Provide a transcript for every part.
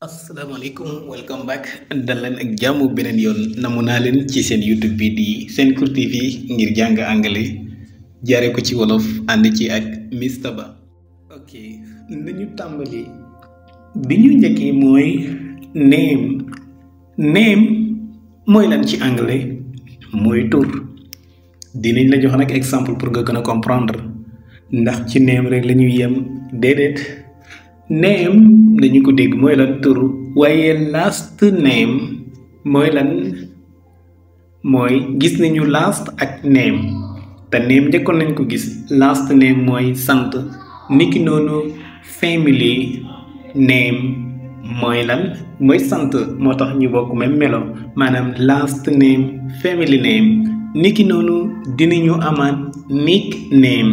Assalamualaikum, welcome back dal leen ak jàmm beneen yoon namu naa ci youtube bi di Sencours TV ngir jàng anglais jare ko ci wolof ànd ci ak Mr Ba ok nañu tambali bi ñu moy name name moy lan ci anglais moy tur dinañ la jox nag exemple pour nga gën comprendre ndax ci name rek la ñuy dedet name nañu ko dégg mooy lan tur waaye last name mooy lan mooy gis nañu last ak name te name njëkkoon nañ ko gis last name mooy sant niki noonu family name mooy lan mooy sant moo tax ñu bokk même melo maanaam last name family name niki noonu dinañu amaat nickname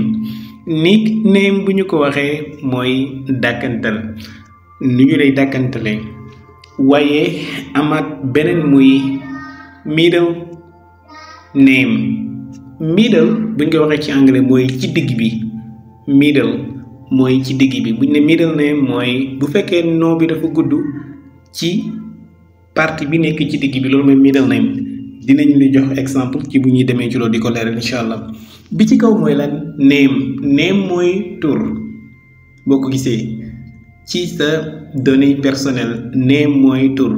nickname bu ñu ko waxee mooy dàkkantal nu ñu lay dàkkantale waaye amaat beneen muy middle name middle bu ñu ko waxee ci anglais mooy ci digg bi middle mooy ci digg bi bu ne middle name mooy bu fekkee noo bi dafa gudd ci partie bi nekk ci digg bi loolu mooy middle name dinañ la jox exemple ci bu ñuy demee ci loolu di ko leeral incha allah bi ci kaw mooy lan neem neem mooy tur boo ko gisee ci sa données personnelles neem mooy tur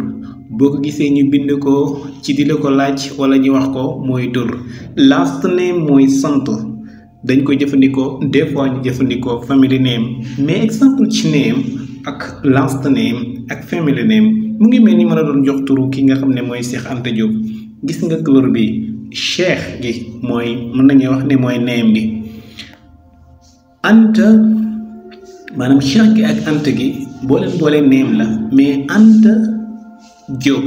boo ko gisee ñu bind ko ci di la ko laaj wala ñu wax ko mooy tur last name mooy santo dañ koy jëfandikoo des fois ñu jëfandikoo family name mais exemple ci name ak last name ak family name mu ngi mel ni mën a doon jox turu ki nga xam ne mooy Cheikh Anta Diop gis nga couleur bi cheikh gi mooy mën nañu wax ne mooy neem gi anta maanaam cheikh gi ak anta gi boo leen boolee neem la mais anta Diop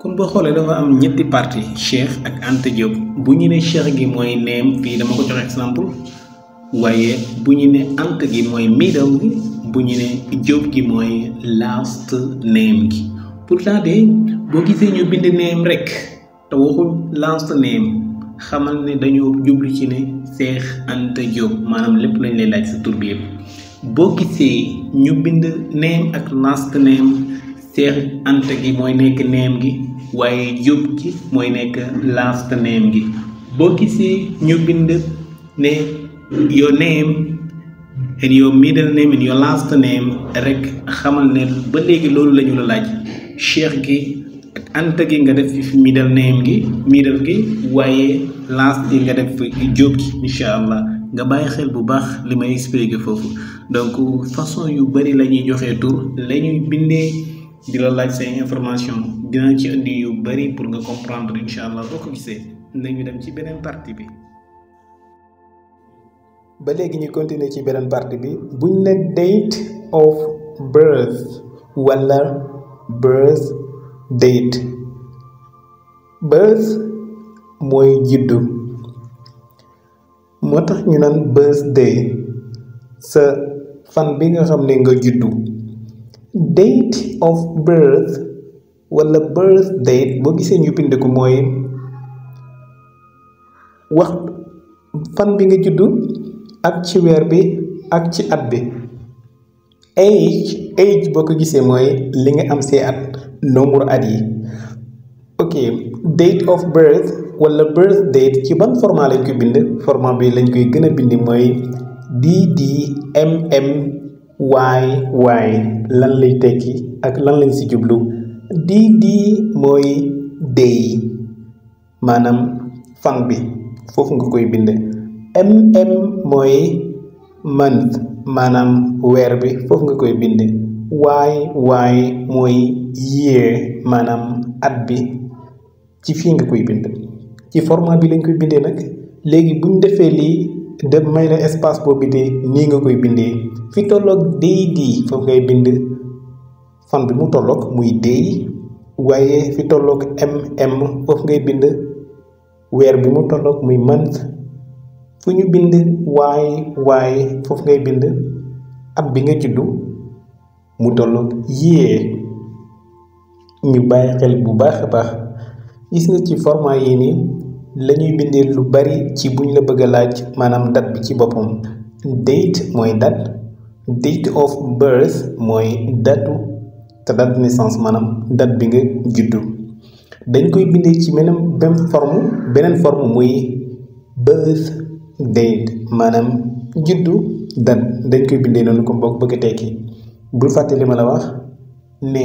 kon boo xoolee dafa am ñetti parti cheikh ak anta Diop bu ñu ne cheikh gi mooy neem fii dama ko joxe exemple waaye bu ñu ne anta gi mooy midaw gi bu ñu ne Diop gi mooy last neem gi pour de boo gisee ñu bind neem rek te waxul lance neem xamal ne dañoo jublu ci ne Cheikh Anta Diop maanaam lépp lañ lay laaj sa tur boo gisee ñu bind neem ak lance neem Cheikh Anta gi mooy nekk neem waaye Diop gi mooy nekk lance neem gi boo gisee ñu bind ne your name and your rek xamal ne ba léegi loolu lañu la laaj Cheikh gi ant gi nga def ci fi middle name gi middle gi waaye last gi nga def fi Jóob gi incha allah nga bàyyi xel bu baax li may expliqué foofu donc façon yu bari la ñuy joxee tur la ñuy bindee di la laaj say information dina ci indi yu bari pour nga comprendre incha allah boo ko gisee nañu dem ci beneen partie bi. ba léegi ñu continuer ci beneen partie bi buñ ne date of birth wala. birth date birth mooy juddu moo tax ñu naan birthday sa fan bi nga xam ne nga juddu date of birth wala birth boo gisee ñu bind mooy wax fan bi nga juddu ak ci weer bi ak ci at bi age age boo ko gisee mooy li nga am see at nombre at yi ok date of birth wala birth date ci ban format lañ koy bind format bi lañ koy gën a bind mooy DDMMYY lan lañ tekki ak lan lañ si jublu DD mooy day maanaam fan bi foofu nga koy bind MM mooy month manam, weer bi foofu nga koy bind waay waay mooy year manam, at bi ci fii nga koy bind ci format bi lañ koy bindee nag léegi buñ defee lii de may la espace boo bindee nii nga koy bindee fi tolloog day dii foofu ngay bind fan bi mu tolloog muy day waaye fi tolloog mm foofu ngay bind weer bi mu tolloog muy month fu ñu bind waay waay foofu ngay bind at bi nga juddu mu tolloog yee ñu bàyyi xel bu baax a baax gis na ci format yii nii lañuy bindee lu bari ci buñ la bëgg a laaj maanaam date bi ci boppam date mooy date date of birth mooy datu te date naissance bi nga juddu dañ koy bindee ci beneen même forme beneen forme muy birth date maanaam juddu date dañ koy bindee noonu comme ko bëgg a tekki bul fàtte li ma la wax ne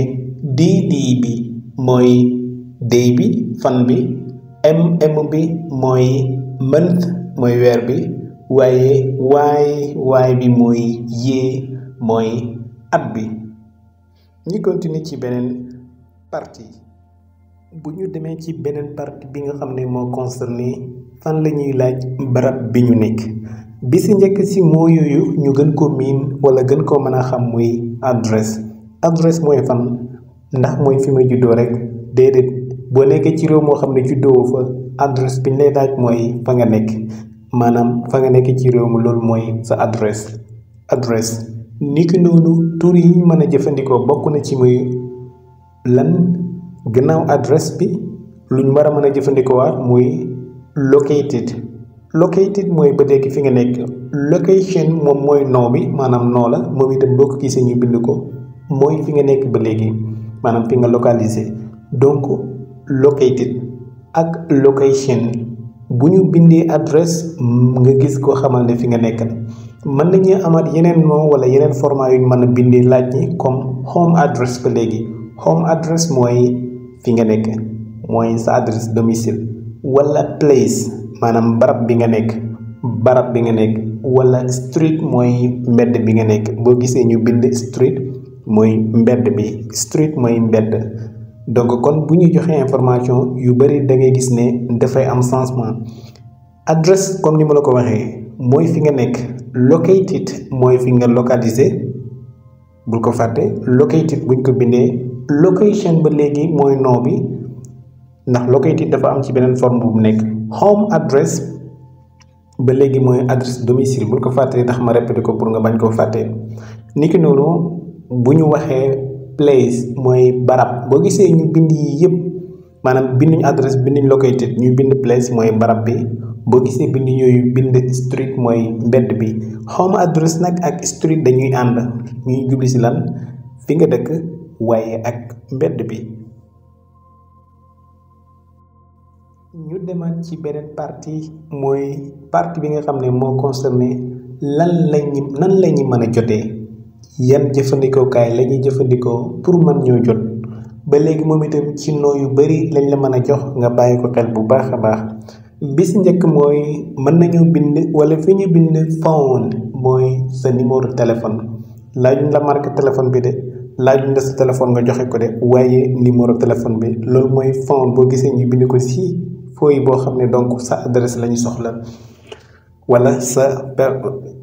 dd bi mooy day bi fan bi mm bi mooy month mooy weer bi waaye waay waay bi mooy yee mooy at bi ñu continuer ci beneen partie bu ñu demee ci beneen partie bi nga xam ne moo concerné fan la ñuy laaj barab bi ñu nekk bi si njëkk si moo yooyu ñu gën koo miin wala gën koo mën a xam muy adresse adresse mooy fan ndax mooy fi ma juddoo rek déedéet boo nekkee ci réew moo xam ne juddoo fa adresse bi ñu lay laaj mooy fa nga nekk maanaam fa nga nekk ci réew mi loolu mooy sa adresse adresse niki noonu tur yi mën a jëfandikoo bokk na ci muy lan. gannaaw adresse bi lu ñu war a mën a jëfandikoowaat muy located located mooy ba léegi fi nga nekk location moom mooy noo bi maanaam noo la moom itam boo ko gisee ñu bind ko mooy fi nga nekk ba léegi maanaam fi nga localisé donc located ak location bu ñu bindee adresse nga gis ko xamal ne fi nga nekk la mën nañu amaat yeneen noo wala yeneen format yu ñu mën a bindee laaj ñi comme home address ba léegi home address mooy fi nga nekk mooy sa adresse domicile walla place maanaam barab bi nga nekk barab bi nga nekk walla street mooy mbedd bi nga nekk boo gisee ñu bind street mooy mbedd bi street mooy mbedd donc kon bu ñu joxe information yu bëri da ngay gis ne dafay am changement adresse comme ni ma la ko waxee mooy fi nga nekk located mooy fi nga localisé bul ko fàtte located buñ ko bindee location ba léegi mooy nom bi ndax locative dafa am ci beneen forme bu nekk home address ba léegi mooy adresse domicile bul ko fàttee ndax ma répété ko pour nga bañ koo fàttee niki noonu bu ñu waxee place mooy barab boo gisee ñu bind yi yëpp maanaam binduñ adresse binduñ locative ñu bind place mooy barab bi boo gisee bind yooyu bind street mooy mbedd bi home address nag ak street dañuy ànd ñuy jubli si lan fi nga dëkk waaye ak mbedd bi ñu demaat ci beneen partie mooy partie bi nga xam ne moo concerné lan lañu nan la ñu mën a jotee yan jëfandikookaay lañuy jëfandikoo pour mën ñoo jot ba léegi moom itam ci noo yu bari lañ la mën a jox nga bàyyi ko xel bu baax a baax bi si njëkk mooy mën nañu bind wala fi ñu bind phone mooy sa numéro téléphone laaj la marque téléphone bi de laajuñ la sa téléphone nga joxe ko de waaye numéro téléphone bi loolu mooy fond boo gisee ñu bind ko si fooy boo xam ne donc sa adresse la ñu soxla wala sa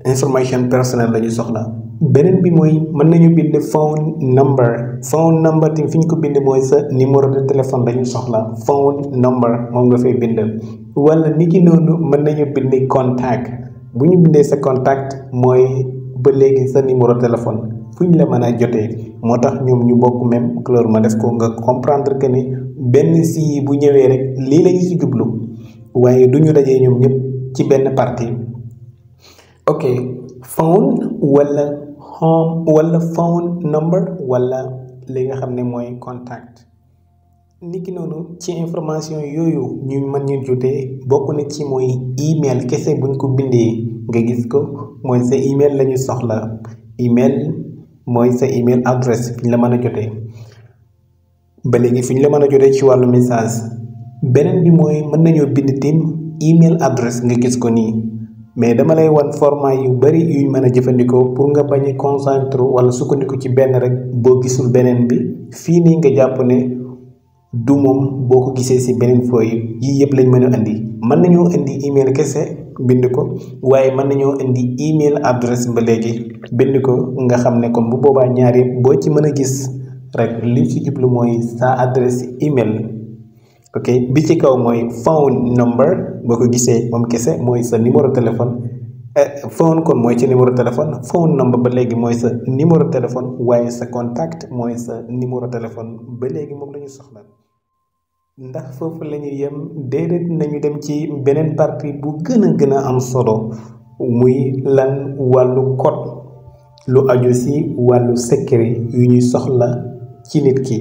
information personnelle la ñu soxla beneen bi mooy mën nañu bind phone number phone number fi ñu ko bind mooy sa numéro de téléphone la soxla phone number moom nga fay bind wala ni ki noonu mën nañu bind contact bu ñu bindee sa contact mooy ba léegi sa numéro téléphone fu ñu la mën a jotee moo tax ñoom ñu bokk même couleur ma des ko nga comprendre que ne benn si bu ñëwee rek lii la ñu jublu waaye du ñu dajee ñoom ñëpp ci benn partie ok phone wala home wala phone number walla li nga xam ne mooy contact. niki noonu ci information yooyu ñu mën ñu jotee bokk na ci mooy email kese buñ ko bindee. nga gis ko mooy sa email la ñu soxla email mooy sa email adresse fi ñu la mën a jotee ba léegi fi ñu la mën a jotee ci wàllu message beneen bi mooy mën nañoo bind tim email adresse nga gis ko nii mais dama lay wan format yu bari yuñ mën a jëfandikoo pour nga bañ a concentré wala sukkandiku ci benn rek boo gisul beneen bi fii nii nga jàpp ne du moom boo ko gisee si beneen fooy yii yëpp lañ mën a indi mën nañoo indi email kese. bind ko waaye mën nañoo indi email adresse ba léegi bind ko nga xam ne kon bu boobaa ñaar yëpp boo ci mën a gis rek li ci jublu mooy sa adresse email ok bi ci kaw mooy phone number boo ko gisee moom kese mooy sa numéro téléphone eh, phone kon mooy ci numéro téléphone phone number ba léegi mooy sa numéro téléphone waaye sa contact mooy sa numéro téléphone ba léegi moom la soxla ndax foofu lañu yem déedéet nañu dem ci beneen partie bu gën a gën a am solo muy lan wàllu code lu aju si wàllu secret yu ñuy soxla ci nit ki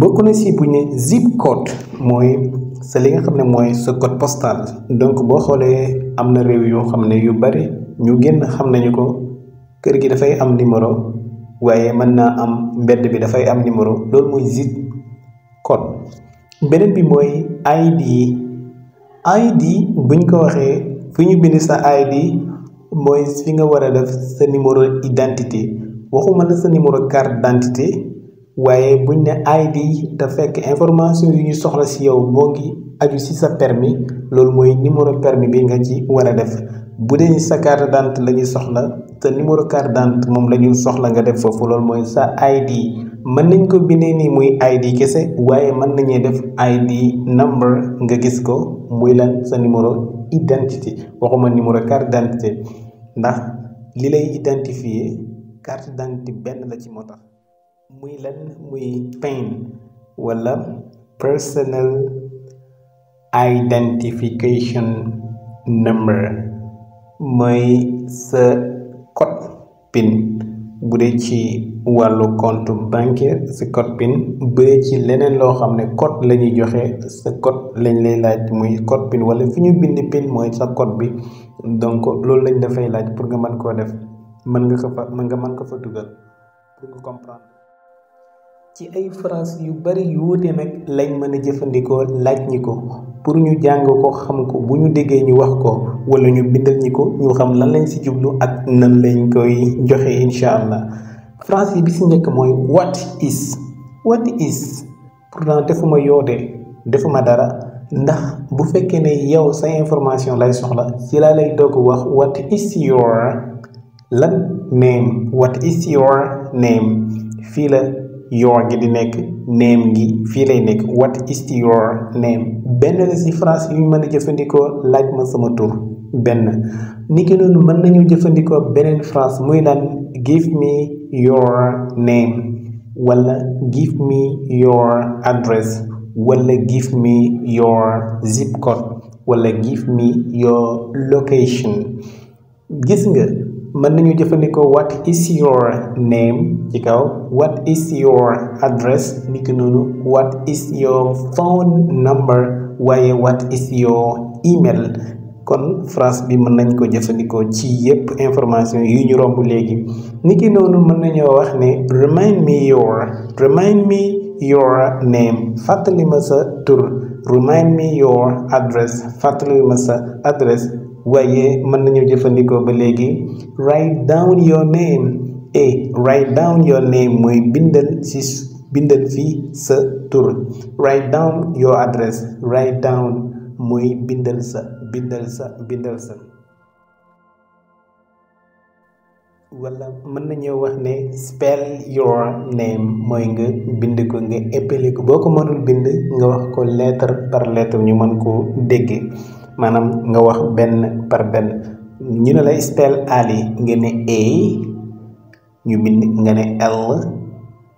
bokk na si bu ñu zip code mooy sa li nga xam ne mooy sa code postal donc boo xoolee am na réew yoo xam ne yu bari ñu génn xam nañu ko kër gi dafay am numéro waaye mën naa am mbedd bi dafay am numéro loolu mooy zip code beneen bi mooy ID ID buñ ko waxee fi ñu bind sa ID mooy fi nga war a def sa numéro identité waxuma la sa numéro carte d'identité waaye buñ ne ID te fekk information yu ñu soxla si yow moo ngi aju si sa permis loolu mooy numéro permis bi nga ci war a def bu dee sa carte d'identité la soxla te numéro carte d'identité moom la ñuy soxla nga def foofu loolu mooy sa ID mën nañ ko bindee nii muy ID kese waaye mën nañuy def ID number nga gis ko muy lan sa numéro identité waxuma numéro carte d'identité ndax li lay identifier carte d'identité benn la ci moo tax muy lan muy PIN wala personal identification number. mooy sa code PIN bu dee ci wàllu compte bancaire sa code PIN bu dee ci leneen loo xam ne code la ñuy joxe sa code lañ lay laaj muy code PIN wala fi ñu bind PIN mooy sa code bi donc loolu lañ dafay laaj pour nga mën koo def mën nga ko fa mën nga mën ko fa dugal ci ay france yu bari yu wuute nag lañ mën a jëfandikoo laaj ñi ko pour ñu jàng ko xam ko bu ñu déggee ñu wax ko wala ñu bindal ñi ko ñu xam lan lañ si jublu ak nan lañ koy joxe incha allah phrase yi bi ci njëkk mooy what is what is pourtant defuma yoote defuma dara ndax bu fekkee ne yow sa information lay soxla ci laa lay doog wax what is your lan what is your name fii la your gi di nekk name gi fii lay nekk what is your name benn la si phrase yu ñu mën a jëfandikoo laaj ma sama tur benn ni mën nañu jëfandikoo beneen phrase muy daan give me your name wala give me your address wala give me your zip wala give me your location gis nga mën nañu jëfandikoo what is your name ci kaw what is your address ni ki noonu what is your phone number waaye what is your email kon phrase bi mën nañ ko jëfandikoo ci yépp information yi ñu romb léegi ni ki noonu mën nañoo wax ni remind me your remind me your name fàttali ma sa tur remind me your address fàttali ma sa adresse waaye mën nañu jëfandikoo ba léegi write down your name e write down your name mooy bindal si bindal fii sa tur write down your address write down mooy bindal sa bindal sa bindal sa wala mën nañoo wax ne spell your name mooy nga bind ko nga éppale ko boo ko mënul bind nga wax ko lettre par lettre ñu mën koo dégge manam nga wax ben par ben ñu ne lay spell ali nga ne a ñu bind nga ne l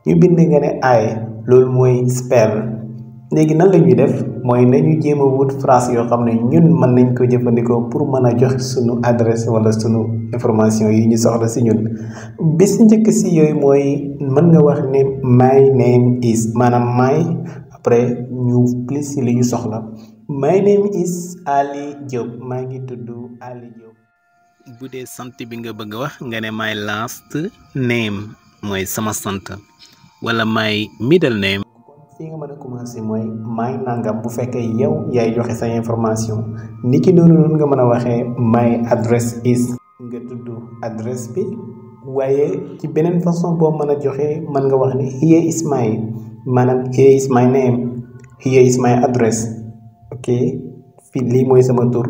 ñu bind nga ne i lool mooy spell léegi nan la def mooy nañu jéem wut phrase yoo xam ne ñun mën nañ ko jëfandikoo pour mën a jox sunu adresse wala sunu information yi ñu soxla si ñun bis njëkk si yooyu mooy mën nga wax ne my name is maanaam my après ñu plus si li ñu soxla my name is Ali My maa to do Ali Job. bu dee sant bi nga bëgg wax my last name my sama Santa. wala my middle name fi nga mën a my my may nangam bu fekkee yow yaay joxe sa information niki ki noonu nga my address is nga to do address be. ci beneen façon boo mën a joxe mën nga wax here is my manam here is my name here is my address ok sama tur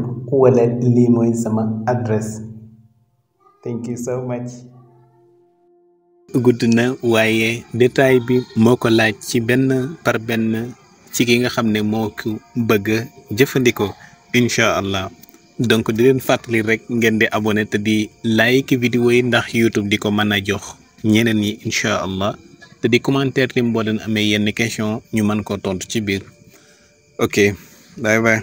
lii mooy sama adresse thank you gudd na waaye détail bi moo ko laaj ci benn par benn ci ki nga xam ne moo ko bëgg jëfandikoo incha allah donc di leen fàttali rek ngeen di abonné te di like vidéo yi ndax youtube di ko mën a jox ñeneen yi incha allah te di commentaire tim boo amee yenn question ñu mën koo tontu ci biir ok 来呗。